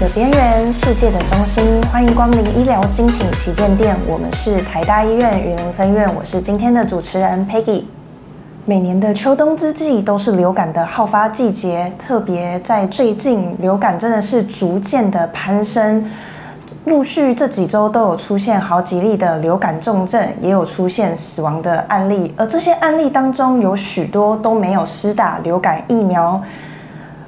的邊緣世界的中心，歡迎光臨醫療精品旗艦店。我們是台大醫院雲林分院，我是今天的主持人 Peggy。每年的秋冬之際都是流感的好發季節，特別在最近，流感真的是逐漸的攀升，陸續這幾周都有出現好幾例的流感重症，也有出現死亡的案例，而這些案例當中有許多都沒有施打流感疫苗。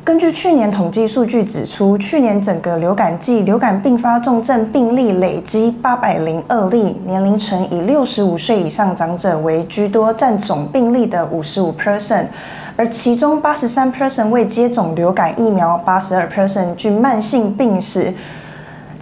根據去年統計數據指出，去年整個流感季流感併發重症病例累計八百零二例，年齡層以六十五歲以上長者為居多，占總病例的五十五 p e r n 而其中八十三 p e r n 未接種流感疫苗，八十二 p e r n 具慢性病史。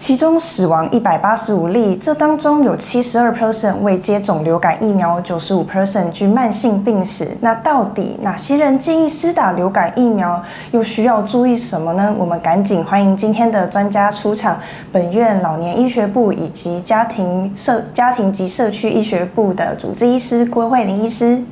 其中死亡一百八十五例，這當中有七十二 percent 未接種流感疫苗，九十五 percent 具慢性病史。那到底哪些人建議施打流感疫苗，又需要注意什麼呢？我們趕緊歡迎今天的專家出場，本院老年醫學部以及家庭社家庭及社區醫學部的主治醫師郭惠伶醫師。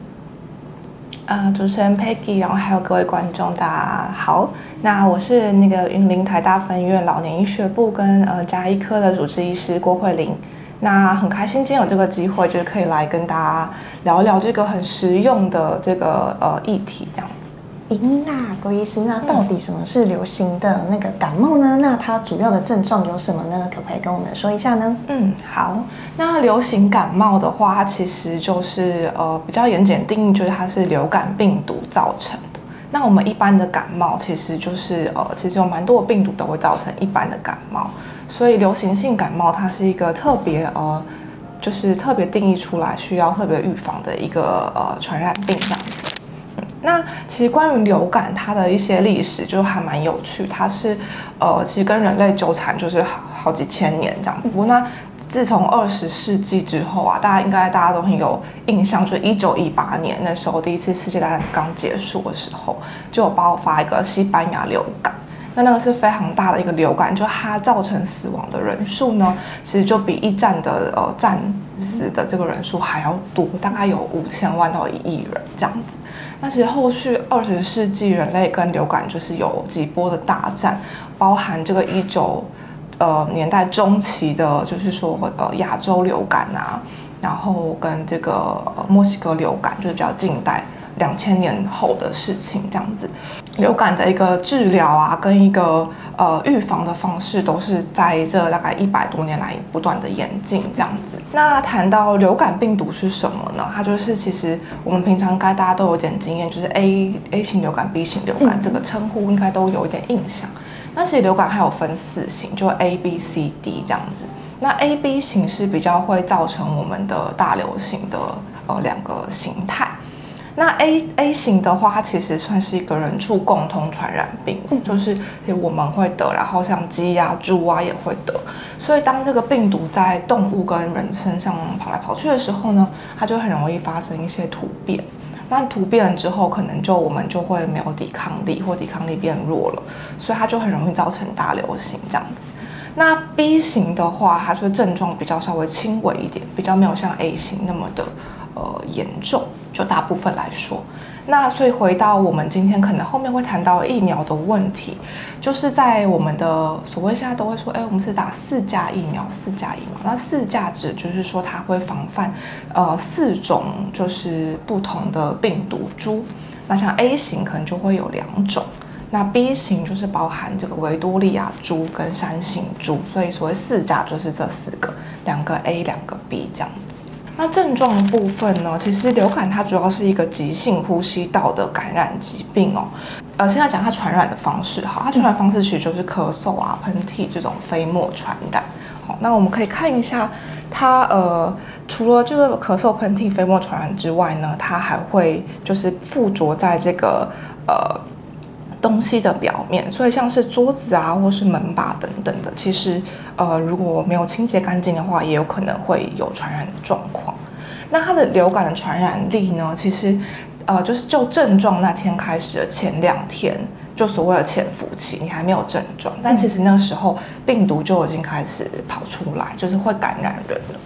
呃，主持人 Peggy，然後還有各位觀眾，大家好。那我是那個雲林台大分院老年醫學部跟呃家醫科的主治醫師郭惠伶。那很開心今天有這個機會，就是可以來跟大家聊一聊這個很實用的這個呃議題，這樣子。咦、嗯、那郭醫師，那到底什麼是流行的那個感冒呢？那它主要的症狀有什麼呢？可不可以跟我們說一下呢？嗯，好。那流行感冒的話，它其實就是呃比較嚴謹定義，就是它是流感病毒造成的。那我們一般的感冒其實就是呃其實有蠻多的病毒都會造成一般的感冒，所以流行性感冒它是一個特別呃就是特別定義出來需要特別預防的一個呃傳染病。那其實關於流感，它的一些歷史就還蠻有趣。它是，呃，其實跟人類糾纏就是好，好幾千年這樣子。不過那自從二十世紀之後啊，大家應該大家都很有印象，就是一九一八年那時候第一次世界大戰剛結束的時候，就有爆發一個西班牙流感。那那個是非常大的一個流感，就它造成死亡的人數呢，其實就比一戰的呃戰。死的這個人數還要多，大概有五千萬到一億人這樣子。那其實後續二十世紀人類跟流感就是有幾波的大戰，包含這個一九呃年代中期的，就是說呃亞洲流感啊，然後跟這個墨西哥流感，就是比較近代兩千年後的事情這樣子。流感的一個治療啊，跟一個呃預防的方式，都是在這大概一百多年來不斷的演進這樣子。那談到流感病毒是什麼呢？它就是其實我們平常該大家都有點經驗，就是 A A 型流感、B 型流感這個稱呼應該都有一點印象。嗯、那其實流感還有分四型，就 A B C D 這樣子。那 A B 型是比較會造成我們的大流行的呃兩個型態。那 A A 型的話，它其實算是一個人畜共同傳染病，嗯、就是我們會得，然後像雞啊、豬啊也會得。所以當這個病毒在動物跟人身上跑來跑去的時候呢，它就很容易發生一些突變。那突變了之後，可能就我們就會沒有抵抗力，或抵抗力變弱了，所以它就很容易造成大流行這樣子。那 B 型的話，它就症狀比較稍微輕微一點，比較沒有像 A 型那麼的。呃，嚴重就大部分來說，那所以回到我們今天可能後面會談到疫苗的問題，就是在我們的所謂現在都會說，哎、欸，我們是打四價疫苗，四價疫苗。那四價指就是說它會防範呃四種就是不同的病毒株，那像 A 型可能就會有兩種，那 B 型就是包含這個維多利亞株跟山形株，所以所謂四價就是這四個，兩個 A 兩個 B 這樣。那症狀的部分呢？其實流感它主要是一個急性呼吸道的感染疾病哦、喔。呃，現在講它傳染的方式，哈，它傳染的方式其實就是咳嗽啊、噴嚏這種飛沫傳染。好、嗯，那我們可以看一下它，它呃，除了這個咳嗽、噴嚏、飛沫傳染之外呢，它還會就是附着在這個呃。東西的表面，所以像是桌子啊，或是門把等等的，其實，呃，如果沒有清潔乾淨的話，也有可能會有傳染的狀況。那它的流感的傳染力呢？其實，呃，就是就症狀那天開始的前兩天，就所謂的潛伏期，你還沒有症狀，但其實那時候病毒就已經開始跑出來，就是會感染人了。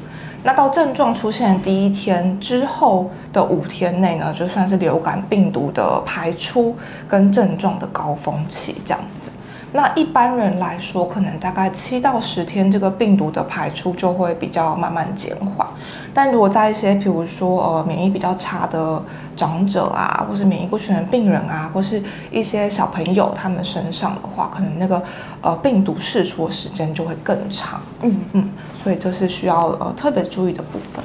那到症狀出現第一天之後的五天內呢，就算是流感病毒的排出跟症狀的高峰期這樣子。那一般人來說，可能大概七到十天，這個病毒的排出就會比較慢慢減緩。但如果在一些，譬如說，呃，免疫比較差的長者啊，或是免疫不全的病人啊，或是一些小朋友他們身上的話，可能那個，呃，病毒釋出的時間就會更長。嗯嗯，所以這是需要呃特別注意的部分。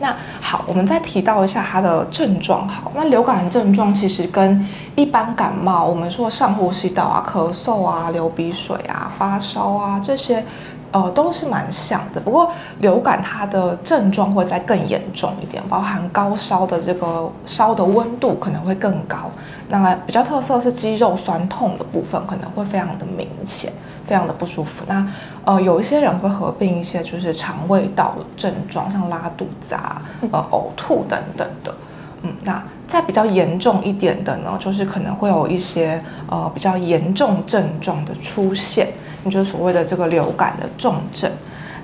那好，我們再提到一下它的症狀。好，那流感症狀其實跟一般感冒，我們說上呼吸道啊、咳嗽啊、流鼻水啊、發燒啊這些。呃，都是蠻像的，不過流感它的症狀會再更嚴重一點，包含高燒的這個燒的溫度可能會更高。那比較特色是肌肉痠痛的部分可能會非常的明顯，非常的不舒服。那呃，有一些人會合併一些就是腸胃道的症狀，像拉肚子啊、呃嘔吐等等的。嗯，那再比較嚴重一點的呢，就是可能會有一些呃比較嚴重症狀的出現。就是所謂的這個流感的重症，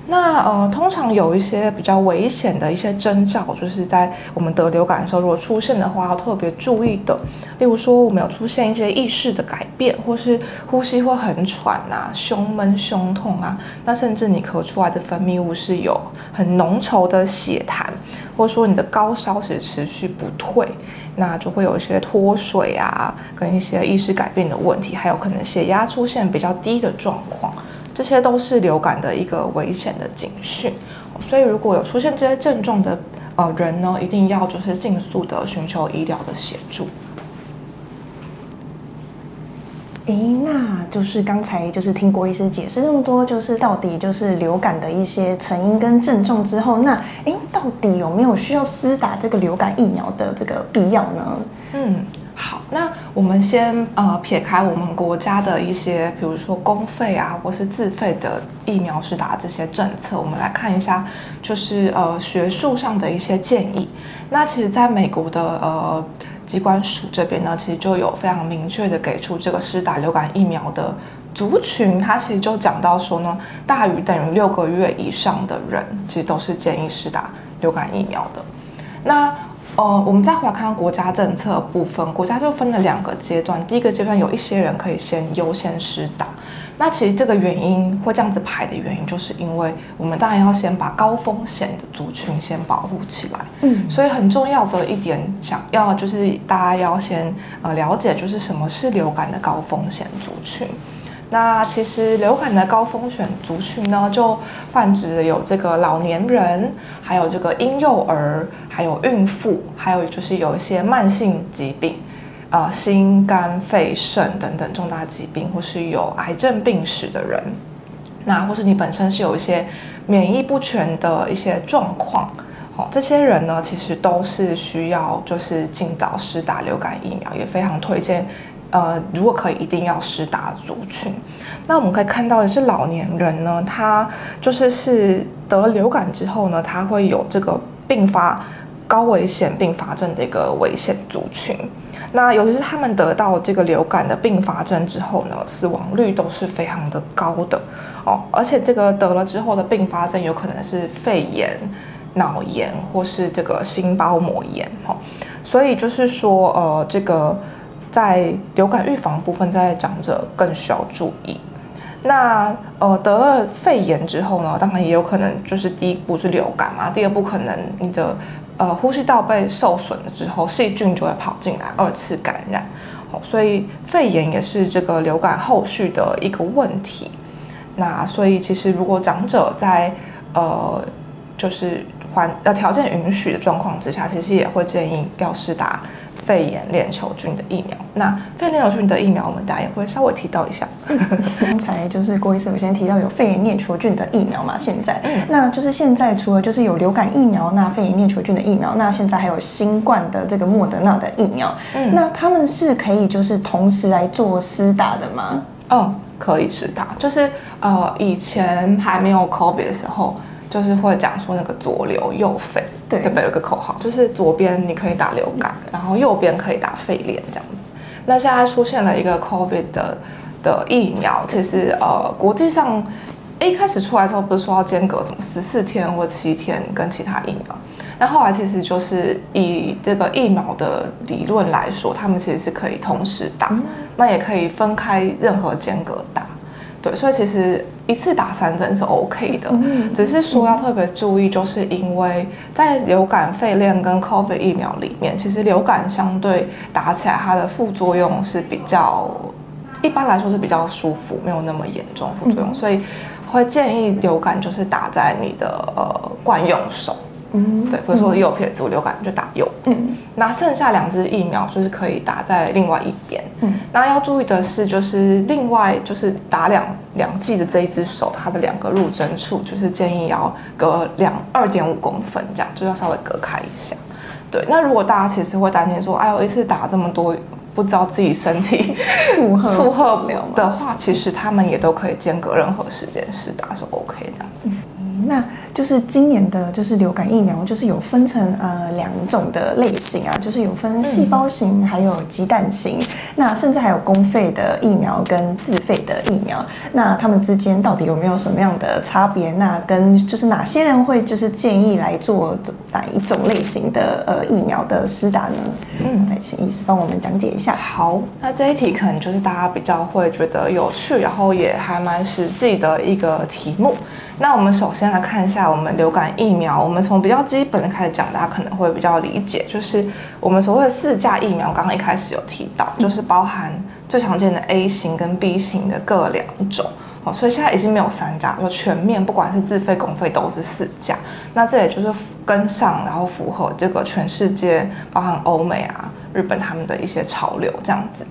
那呃，通常有一些比較危險的一些徵兆，就是在我們得流感的時候，如果出現的話，要特別注意的。例如說，我們有出現一些意識的改變，或是呼吸會很喘啊，胸悶、胸痛啊，那甚至你咳出來的分泌物是有很濃稠的血痰，或者說你的高燒是持續不退。那就會有一些脫水啊，跟一些意識改變的問題，還有可能血壓出現比較低的狀況，這些都是流感的一個危險的警訊。所以，如果有出現這些症狀的呃人呢，一定要就是盡速的尋求醫療的協助。哎，那就是剛才就是聽郭醫師解釋那麼多，就是到底就是流感的一些成因跟症狀之後，那哎，到底有沒有需要施打這個流感疫苗的這個必要呢？嗯，好，那我們先呃撇開我們國家的一些，比如說公費啊或是自費的疫苗施打這些政策，我們來看一下，就是呃學術上的一些建議。那其實在美國的呃。疾管署這邊呢，其實就有非常明確的給出這個施打流感疫苗的族群，它其實就講到說呢，大於等於六個月以上的人，其實都是建議施打流感疫苗的。那呃，我們再回來看看國家政策部分，國家就分了兩個階段，第一個階段有一些人可以先優先施打。那其實這個原因會這樣子排的原因，就是因為我們當然要先把高風險的族群先保護起來。嗯，所以很重要的一點，想要就是大家要先呃了解，就是什麼是流感的高風險族群。那其實流感的高風險族群呢，就泛指有這個老年人，還有這個嬰幼兒，還有孕婦，還有就是有一些慢性疾病。啊、呃，心、肝、肺、腎等等重大疾病，或是有癌症病史的人，那或是你本身是有一些免疫不全的一些狀況，哦，這些人呢，其實都是需要就是盡早施打流感疫苗，也非常推薦。呃，如果可以，一定要施打族群。那我們可以看到的是，老年人呢，他就是是得了流感之後呢，他會有這個併發高危險併發症的一個危險族群。那尤其是他們得到這個流感的併發症之後呢，死亡率都是非常的高的哦，而且這個得了之後的併發症有可能是肺炎、腦炎或是這個心包膜炎哦，所以就是說呃，這個在流感預防部分，在長者更需要注意。那呃得了肺炎之後呢，當然也有可能就是第一步是流感嘛，第二步可能你的。呃，呼吸道被受損了之後，細菌就會跑進來，二次感染，哦。所以肺炎也是這個流感後續的一個問題。那所以其實如果長者在呃，就是。呃，條件允許的狀況之下，其實也會建議要施打肺炎鏈球菌的疫苗。那肺炎鏈球菌的疫苗，我們大家也會稍微提到一下。剛、嗯、才就是郭醫生有先提到有肺炎鏈球菌的疫苗嘛？現在，嗯、那就是現在除了就是有流感疫苗，那肺炎鏈球菌的疫苗，那現在還有新冠的這個莫德納的疫苗。嗯，那他們是可以就是同時來做施打的嗎？哦、嗯，可以施打，就是呃，以前還沒有 COVID 的時候。就是會講說那個左流右肺，對，特別有一個口號，就是左邊你可以打流感，嗯、然後右邊可以打肺炎這樣子。那現在出現了一個 COVID 的，的疫苗，其實呃，國際上一開始出來的時候，不是說要間隔什麼十四天或七天跟其他疫苗，那後來其實就是以這個疫苗的理論來說，他們其實是可以同時打，嗯、那也可以分開任何間隔打。對，所以其實。一次打三針是 OK 的，嗯、只是說要特別注意，就是因為在流感、肺鏈跟 COVID 疫苗裡面，其實流感相對打起來它的副作用是比較，一般來說是比較舒服，沒有那麼嚴重副作用，嗯、所以會建議流感就是打在你的呃慣用手，嗯，對，比如說右撇子，我流感就打。有，嗯，那剩下兩隻疫苗就是可以打在另外一邊，嗯，那要注意的是，就是另外就是打兩兩劑的這一隻手，它的兩個入針處就是建議要隔兩二點五公分這樣，就要稍微隔開一下。對，那如果大家其實會擔心說，哎呦，我一次打這麼多，不知道自己身體負荷不了的話，其實他們也都可以間隔任何時間是打是 OK 的。那就是今年的就是流感疫苗，就是有分成呃兩種的類型啊，就是有分細胞型還有雞蛋型，嗯、那甚至還有公費的疫苗跟自費的疫苗，那他們之間到底有沒有什麼樣的差別？那跟就是哪些人會就是建議來做哪一種類型的呃疫苗的施打呢？嗯，來請醫師幫我們講解一下。好，那這一題可能就是大家比較會覺得有趣，然後也還蠻實際的一個題目。那我們首先來看一下我們流感疫苗，我們從比較基本的開始講，大家可能會比較理解，就是我們所謂的四價疫苗，剛剛一開始有提到，就是包含最常見的 A 型跟 B 型的各兩種，哦，所以現在已經沒有三價，說全面，不管是自費、公費都是四價。那這也就是跟上，然後符合這個全世界，包含歐美啊、日本他們的一些潮流這樣子。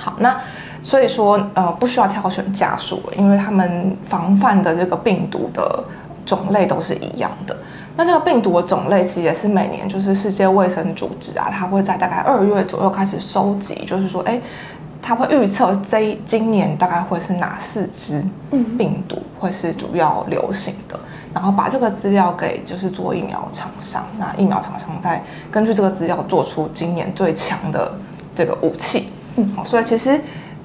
好，那所以說，呃，不需要挑選家數，因為他們防範的這個病毒的種類都是一樣的。那這個病毒的種類其實也是每年，就是世界衛生組織啊，它會在大概二月左右開始收集，就是說，哎、欸，它會預測這今年大概會是哪四支病毒會是主要流行的，嗯、然後把這個資料給就是做疫苗廠商，那疫苗廠商再根據這個資料做出今年最強的這個武器。嗯，所以其實，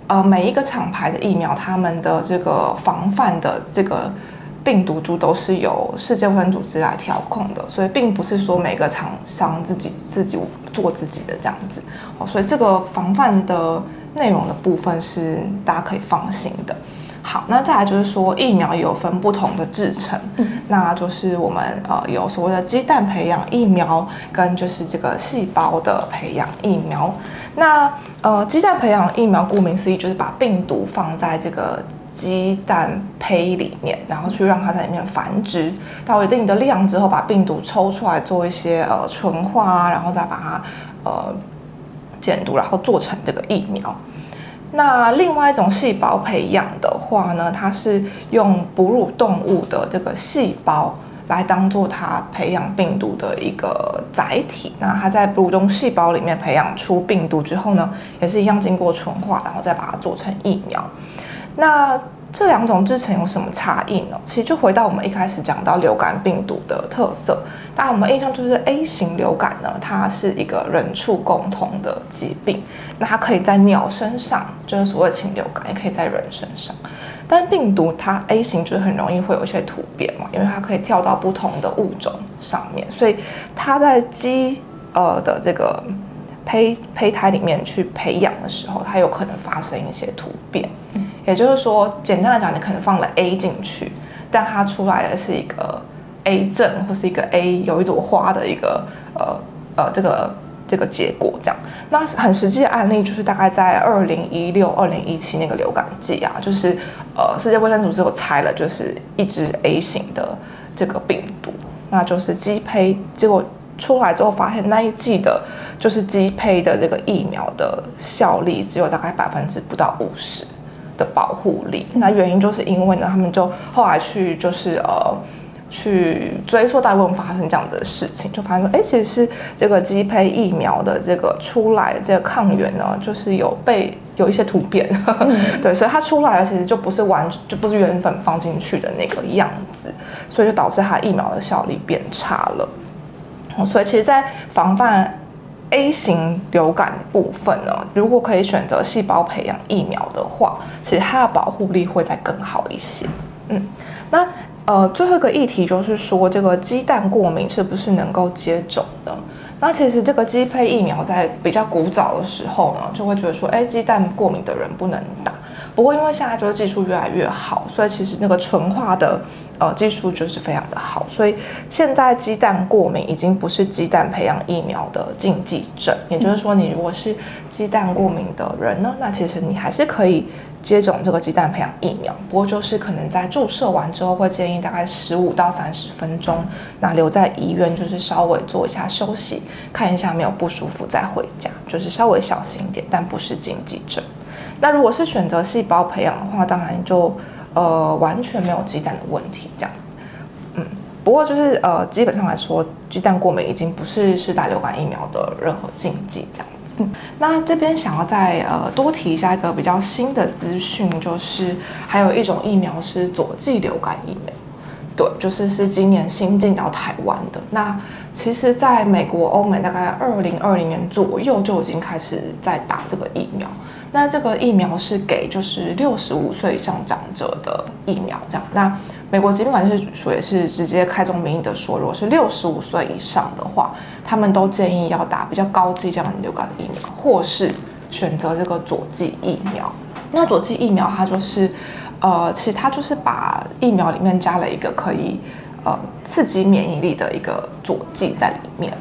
呃，每一個廠牌的疫苗，他們的這個防範的這個病毒株都是由世界衛生組織來調控的，所以並不是說每個廠商自己自己做自己的這樣子。哦，所以這個防範的內容的部分是大家可以放心的。好，那再來就是說，疫苗有分不同的製程，嗯、那就是我們呃有所謂的雞蛋培養疫苗跟就是這個細胞的培養疫苗。那呃雞蛋培養疫苗顧名思義就是把病毒放在這個雞蛋胚裡面，然後去讓它在裡面繁殖到一定的量之後，把病毒抽出來做一些呃純化、啊，然後再把它呃減毒，然後做成這個疫苗。那另外一種細胞培養的話呢，它是用哺乳動物的這個細胞來當做它培養病毒的一個載體。那它在哺乳動物細胞裡面培養出病毒之後呢，也是一樣經過純化，然後再把它做成疫苗。那這兩種製程有什麼差異呢？其實就回到我們一開始講到流感病毒的特色，大家我們印象就是 A 型流感呢，它是一個人畜共同的疾病，那它可以在鳥身上，就是所謂禽流感，也可以在人身上。但是病毒它 A 型就是很容易會有一些突變嘛，因為它可以跳到不同的物種上面，所以它在雞呃的這個胚胚胎裡面去培養的時候，它有可能發生一些突變。也就是說，簡單的講，你可能放了 A 進去，但它出來的是一個 A 症，或是一個 A 有一朵花的一個呃呃這個這個結果這樣。那很實際的案例就是大概在二零一六、二零一七那個流感季啊，就是呃世界衛生組織猜了就是一支 A 型的這個病毒，那就是雞胚，結果出來之後發現那一季的就是雞胚的這個疫苗的效力只有大概百分之不到五十。的保護力，那原因就是因為呢，他們就後來去就是呃，去追溯大部分發生這樣的事情，就發現說，誒、欸，其實是這個雞胚疫苗的這個出來的這個抗原呢，就是有被有一些突變， 對，所以它出來的，其實就不是完，就不是原本放進去的那個樣子，所以就導致它疫苗的效力變差了。嗯、所以其實，在防範。A 型流感部分呢，如果可以選擇細胞培養疫苗的話，其實它的保護力會再更好一些。嗯，那呃，最後一個議題就是說，這個雞蛋過敏是不是能夠接種的？那其實這個雞胚疫苗在比較古早的時候呢，就會覺得說，哎、欸，雞蛋過敏的人不能打。不過因為現在就是技術越來越好，所以其實那個純化的。呃，技術就是非常的好，所以現在雞蛋過敏已經不是雞蛋培養疫苗的禁忌症。也就是說，你如果是雞蛋過敏的人呢，那其實你還是可以接種這個雞蛋培養疫苗。不過就是可能在注射完之後，會建議大概十五到三十分鐘，那留在醫院就是稍微做一下休息，看一下沒有不舒服再回家，就是稍微小心一點，但不是禁忌症。那如果是選擇細胞培養的話，當然就。呃，完全沒有雞蛋的問題，這樣子，嗯，不過就是呃，基本上來說，雞蛋過敏已經不是是打流感疫苗的任何禁忌，這樣子。那這邊想要再呃多提一下一個比較新的資訊，就是還有一種疫苗是佐劑流感疫苗，對，就是是今年新進到台灣的。那其實，在美國、歐美大概二零二零年左右就已經開始在打這個疫苗。那這個疫苗是給就是六十五歲以上長者的疫苗，這樣。那美國疾病管制署也是直接開宗明義的說，如果是六十五歲以上的話，他們都建議要打比較高劑量流感的疫苗，或是選擇這個佐劑疫苗。那佐劑疫苗它就是，呃，其實它就是把疫苗裡面加了一個可以呃刺激免疫力的一個佐劑在裡面。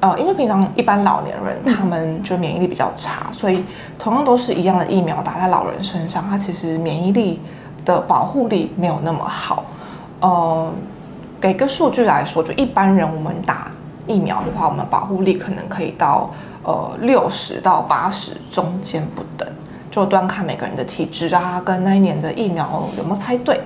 呃，因為平常一般老年人他們就免疫力比較差，所以同樣都是一樣的疫苗打在老人身上，他其實免疫力的保護力沒有那麼好。呃，給個數據來說，就一般人我們打疫苗的話，我們保護力可能可以到呃六十到八十中間不等，就端看每個人的體質啊，跟那一年的疫苗有沒有猜對。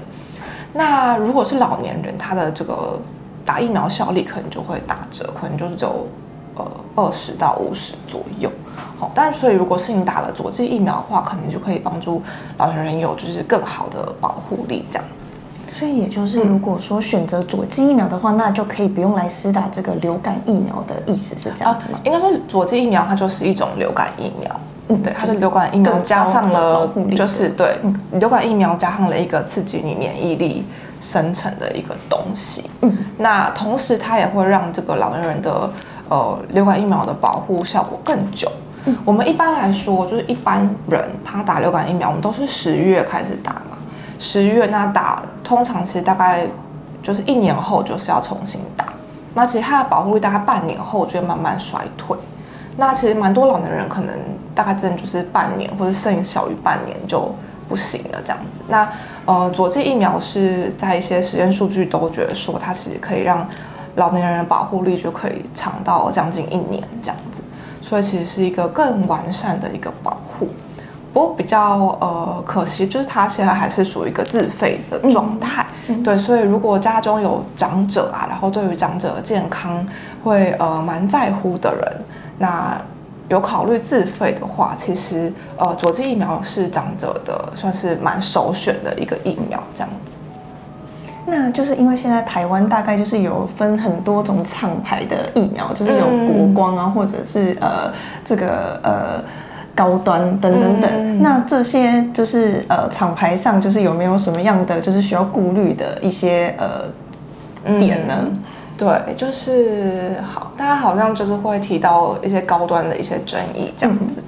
那如果是老年人，他的這個打疫苗效力可能就會打折，可能就是有。呃，二十到五十左右，好、哦，但所以如果是你打了佐劑疫苗的話，可能就可以幫助老年人有就是更好的保護力這樣子。所以也就是，如果說選擇佐劑疫苗的話，嗯、那就可以不用來施打這個流感疫苗的意思是這樣子嗎？啊、應該說佐劑疫苗它就是一種流感疫苗，嗯，對，它是流感疫苗加上了、就是，就是對，流感疫苗加上了一個刺激你免疫力生成的一個東西，嗯，那同時它也會讓這個老年人，人的。呃，流感疫苗的保護效果更久。嗯、我們一般來說，就是一般人他打流感疫苗，我們都是十月開始打嘛。十月那打，通常其實大概就是一年後就是要重新打。那其實它的保護率大概半年後就會慢慢衰退。那其實蠻多老年人可能大概真的就是半年或者剩小於半年就不行了這樣子。那呃，佐劑疫苗是在一些實驗數據都覺得說，它其實可以讓。老年人的保護力就可以長到將近一年這樣子，所以其實是一個更完善的一個保護。不過比較呃可惜就是它現在還是屬於一個自費的狀態。嗯嗯、對，所以如果家中有長者啊，然後對於長者的健康會呃蠻在乎的人，那有考慮自費的話，其實呃佐劑疫苗是長者的算是蠻首選的一個疫苗這樣子。那就是因為現在台灣大概就是有分很多種廠牌的疫苗，就是有國光啊，或者是呃這個呃高端等等等。那這些就是呃廠牌上就是有沒有什麼樣的就是需要顧慮的一些呃點呢？嗯，對，就是好，大家好像就是會提到一些高端的一些爭議這樣子。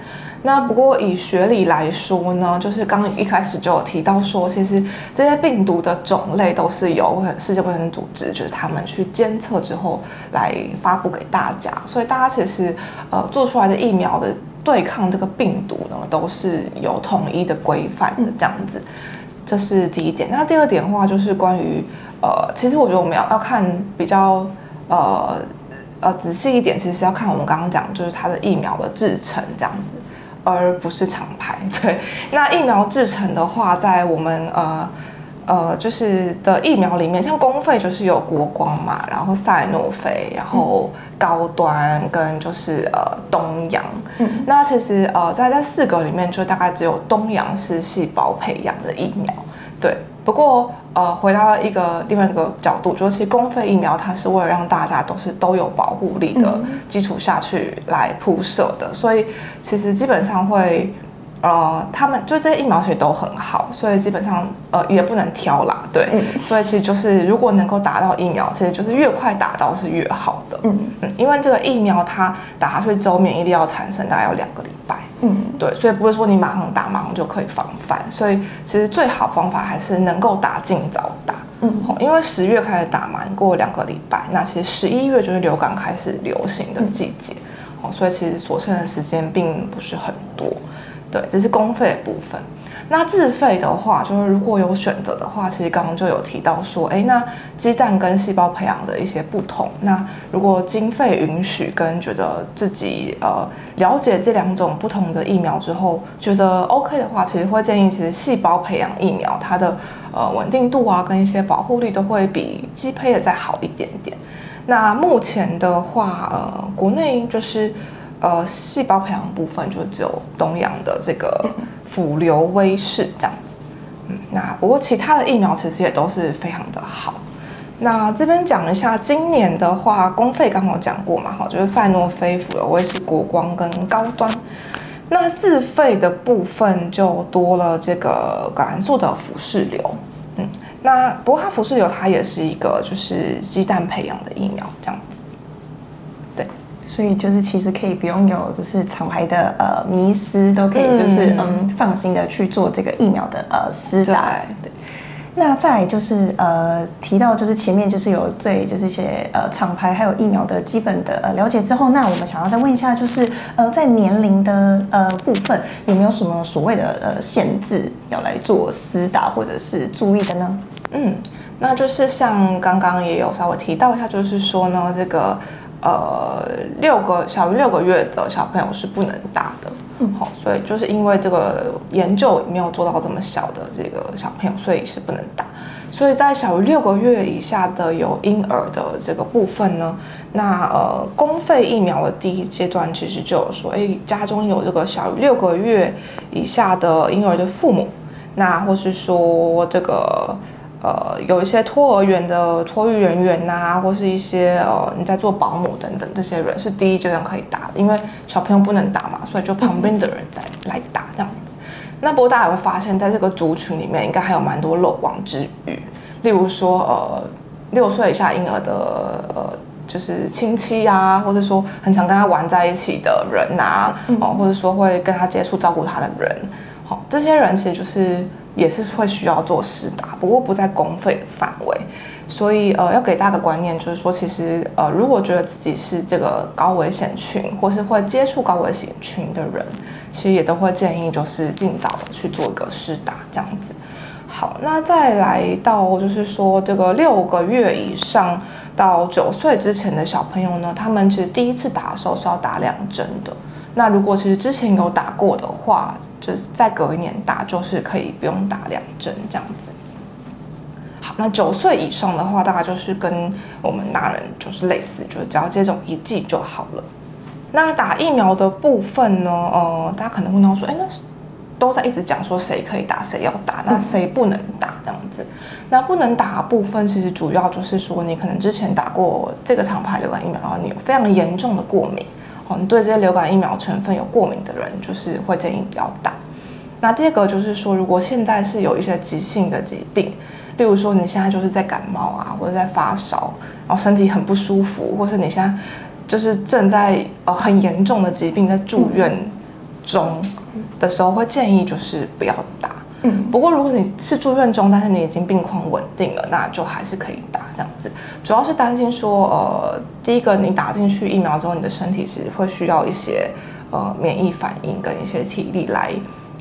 那不過以學理來說呢，就是剛一開始就有提到說，其實這些病毒的種類都是由世界衛生組織，就是他們去監測之後來發布給大家，所以大家其實呃做出來的疫苗的對抗這個病毒呢，都是有統一的規範的這樣子，嗯、這是第一點。那第二點的話，就是關於呃，其實我覺得我們要要看比較呃呃仔細一點，其實要看我們剛剛講，就是它的疫苗的製程這樣子。而不是廠牌。對，那疫苗製程的話，在我們呃呃就是的疫苗裡面，像公費就是有國光嘛，然後賽諾菲，然後高端跟就是呃東洋。嗯，那其實呃在在四個裡面，就大概只有東洋是細胞培養的疫苗。對。不過，呃，回到一個另外一個角度，就是其實公費疫苗它是為了讓大家都是都有保護力的基礎下去來鋪設的，嗯、哼所以其實基本上會，呃，他們就這些疫苗其實都很好，所以基本上呃也不能挑啦，對。嗯、所以其實就是如果能夠打到疫苗，其實就是越快打到是越好的，嗯嗯，因為這個疫苗它打下去之後免疫力要產生大概要兩個禮拜。嗯，對，所以不會說你馬上打馬上就可以防範，所以其實最好方法還是能夠打盡早打。嗯，因為十月開始打滿過了兩個禮拜，那其實十一月就是流感開始流行的季節，嗯、哦，所以其實所剩的時間並不是很多。對，這是公費的部分。那自費的話，就是如果有選擇的話，其實剛剛就有提到說，哎、欸，那雞蛋跟細胞培養的一些不同。那如果經費允許跟覺得自己呃了解這兩種不同的疫苗之後覺得 OK 的話，其實會建議其實細胞培養疫苗它的呃穩定度啊跟一些保護率都會比雞胚的再好一點點。那目前的話，呃，國內就是呃細胞培養部分就只有東洋的這個。輔流威適這樣子，嗯，那不過其他的疫苗其實也都是非常的好。那這邊講一下，今年的話，公費剛好講過嘛，好，就是賽諾菲、輔流威適、國光跟高端。那自費的部分就多了這個葛蘭素的伏適流，嗯，那不過它伏適流它也是一個就是雞蛋培養的疫苗這樣子。所以就是其實可以不用有就是廠牌的呃迷思，都可以就是嗯，嗯放心的去做這個疫苗的呃施打。對對，那再來就是呃提到就是前面就是有對，就是一些呃廠牌還有疫苗的基本的呃了解之後，那我們想要再問一下，就是呃在年齡的呃部分有沒有什麼所謂的呃限制，要來做施打或者是注意的呢？嗯，那就是像剛剛也有稍微提到一下，就是說呢這個。呃，六個小於六個月的小朋友是不能打的，好、嗯哦，所以就是因為這個研究沒有做到這麼小的這個小朋友，所以是不能打。所以在小於六個月以下的有嬰兒的這個部分呢，那呃，公費疫苗的第一階段其實就有說，哎、欸，家中有這個小於六個月以下的嬰兒的父母，那或是說這個。呃，有一些托兒園的托育人員吶、啊，或是一些呃你在做保姆等等，這些人是第一階段可以打的，因為小朋友不能打嘛，所以就旁邊的人來來打這樣子。那不過大家也會發現，在這個族群裡面，應該還有蠻多漏網之魚，例如說呃，六歲以下嬰兒的呃，就是親戚呀、啊，或者說很常跟他玩在一起的人吶、啊，哦、嗯呃，或者說會跟他接觸照顧他的人，好、呃，這些人其實就是。也是會需要做施打，不過不在公費範圍，所以呃要給大家個觀念，就是說其實呃如果覺得自己是這個高危險群，或是會接觸高危險群的人，其實也都會建議就是盡早的去做一個施打這樣子。好，那再來到就是說這個六個月以上到九歲之前的小朋友呢，他們其實第一次打的時候是要打兩針的。那如果其實之前有打過的話，就是再隔一年打，就是可以不用打兩針這樣子。好，那九歲以上的話，大概就是跟我們大人就是類似，就是只要接種一劑就好了。那打疫苗的部分呢，呃，大家可能問到說，哎、欸，那都在一直講說誰可以打，誰要打，那誰不能打這樣子。嗯、那不能打的部分，其實主要就是說，你可能之前打過這個廠牌流感疫苗，然後你有非常嚴重的過敏。嗯，你對這些流感疫苗成分有過敏的人，就是會建議不要打。那第二個就是說，如果現在是有一些急性的疾病，例如說你現在就是在感冒啊，或者在發燒，然後身體很不舒服，或是你現在就是正在呃很嚴重的疾病在住院中的時候，會建議就是不要打。嗯、不過，如果你是住院中，但是你已經病況穩定了，那就還是可以打這樣子。主要是擔心說，呃，第一個你打進去疫苗之後，你的身體其實會需要一些，呃，免疫反應跟一些體力來，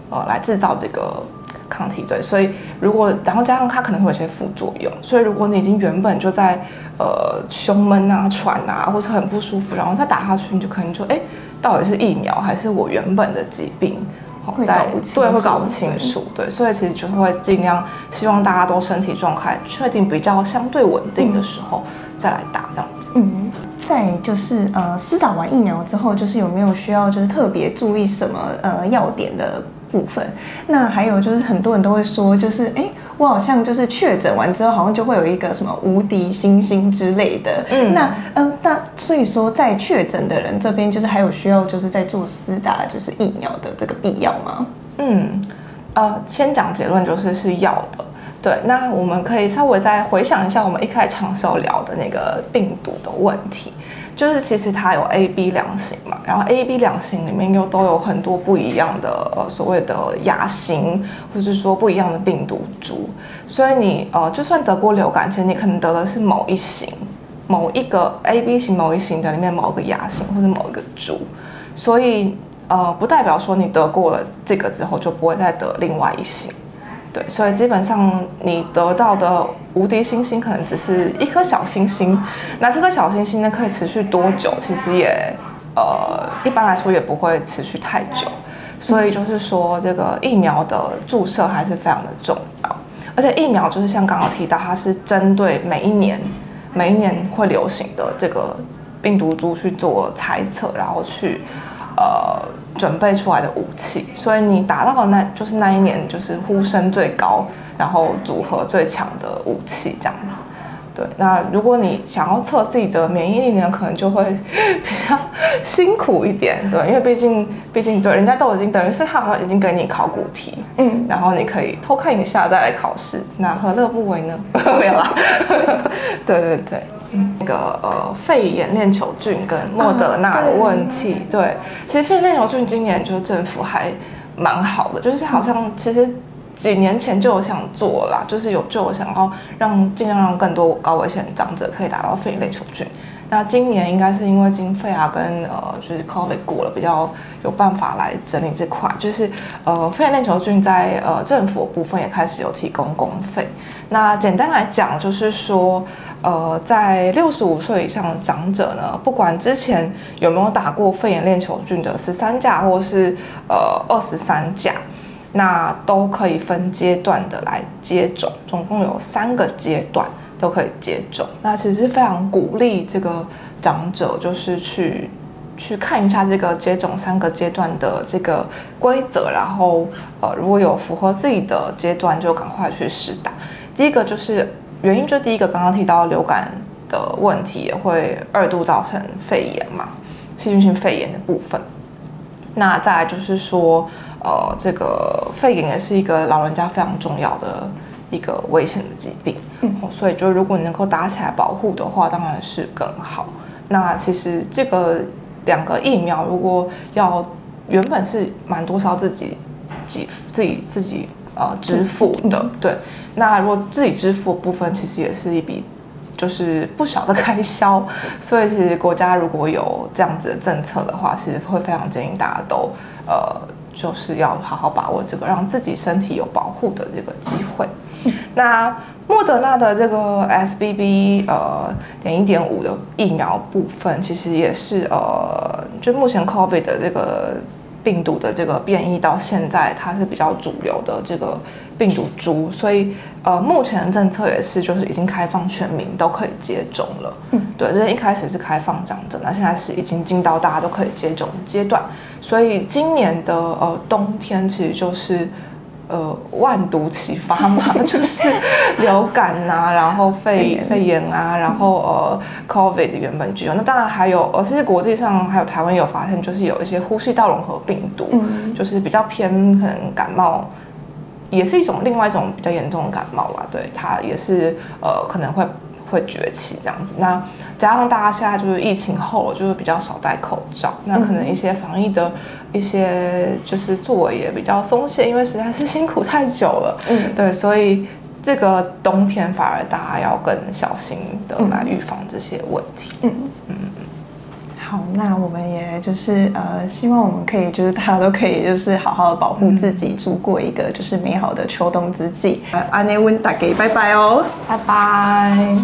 呃，來制造這個抗體，對。所以如果，然後加上它可能會有些副作用，所以如果你已經原本就在，呃，胸悶啊、喘啊，或是很不舒服，然後再打下去，你就可能說，哎，到底是疫苗還是我原本的疾病？再會搞不，不清，對、嗯，會搞不清楚，對，所以其實就是會盡量希望大家都身體狀態確定比較相對穩定的時候再來打這樣子。嗯，再就是呃，施打完疫苗之後，就是有沒有需要就是特別注意什麼呃要點的部分？那還有就是很多人都會說，就是哎，欸我好像就是確診完之後，好像就會有一個什麼無敵星星之類的。嗯，那嗯、呃，那所以說，在確診的人這邊，就是還有需要，就是在做施打，就是疫苗的這個必要嗎？嗯，呃，先講結論就是是要的。對，那我們可以稍微再回想一下我們一開始時候聊的那個病毒的問題。就是其實它有 A B 兩型嘛，然後 A B 兩型裡面又都有很多不一樣的呃所謂的亞型，或者是說不一樣的病毒株，所以你呃就算得過流感前，其實你可能得的是某一型，某一個 A B 型某一型的裡面某個亞型或者某一個株，所以呃不代表說你得過了這個之後就不會再得另外一型。對，所以基本上你得到的無敵星星可能只是一顆小星星，那這顆小星星呢，可以持續多久？其實也，呃，一般來說也不會持續太久。所以就是說，這個疫苗的注射還是非常的重要。而且疫苗就是像剛剛提到，它是針對每一年每一年會流行的這個病毒株去做猜測，然後去。呃，準備出來的武器，所以你打到的那，就是那一年就是呼聲最高，然後組合最強的武器這樣子對，那如果你想要測自己的免疫力呢，可能就會比較辛苦一點。對，因為畢竟，畢竟對，人家都已經等於是他們已經給你考古題，嗯，然後你可以偷看一下再來考試，嗯、那何樂不為呢？ 沒有啦， 對，對對對。個呃肺炎鏈球菌跟莫德納的問題，啊、對,對，其實肺炎鏈球菌今年就政府還蠻好的，就是好像其實幾年前就有想做了啦，就是有就有想要讓儘量讓更多高危險長者可以打到肺炎鏈球菌，那今年應該是因為經費啊跟呃就是 COVID 過了比較有辦法來整理這塊，就是呃肺炎鏈球菌在呃政府的部分也開始有提供公費。那簡單來講，就是說，呃，在六十五歲以上的長者呢，不管之前有沒有打過肺炎鏈球菌的十三價、呃、價，或是呃二十三價，那都可以分階段的來接種，總共有三個階段都可以接種。那其實非常鼓勵這個長者就是去去看一下這個接種三個階段的這個規則，然後呃如果有符合自己的階段，就趕快去試打。第一個就是原因，就第一個剛剛提到流感的問題也會二度造成肺炎嘛，細菌性肺炎的部分。那再來就是說，呃，這個肺炎也是一個老人家非常重要的一個危險的疾病，嗯，所以就如果你能夠打起來保護的話，當然是更好。那其實這個兩個疫苗如果要原本是蠻多少自己幾自己自己。自己自己呃，支付的對。那如果自己支付的部分，其實也是一筆，就是不小的開銷。所以其實國家如果有這樣子的政策的話，其實會非常建議大家都，呃，就是要好好把握這個讓自己身體有保護的這個機會。那莫德納的這個 SBB 呃點一點五的疫苗部分，其實也是呃，就目前 COVID 的這個。病毒的這個變異到現在，它是比較主流的這個病毒株，所以呃，目前的政策也是就是已經開放全民都可以接種了。嗯，對，就是一開始是開放長者，那現在是已經進到大家都可以接種的階段，所以今年的呃冬天其實就是。呃，萬毒齊發嘛， 就是流感啊，然後肺肺炎啊，對然後呃、嗯、，COVID 的原本就有，那當然還有，其實國際上還有台灣有發現就是有一些呼吸道融合病毒，嗯、就是比較偏可能感冒，也是一種另外一種比較嚴重的感冒吧，對，它也是呃可能會會崛起這樣子。那加上大家現在就是疫情後，就是比較少戴口罩，那可能一些防疫的。嗯一些就是作為也比較鬆懈，因為實在是辛苦太久了。嗯，對，所以這個冬天反而大家要更小心地來預防這些問題。嗯嗯好，那我們也就是呃，希望我們可以就是大家都可以就是好好保護自己，度過一個就是美好的秋冬之際。阿內溫打給，拜拜哦，拜拜。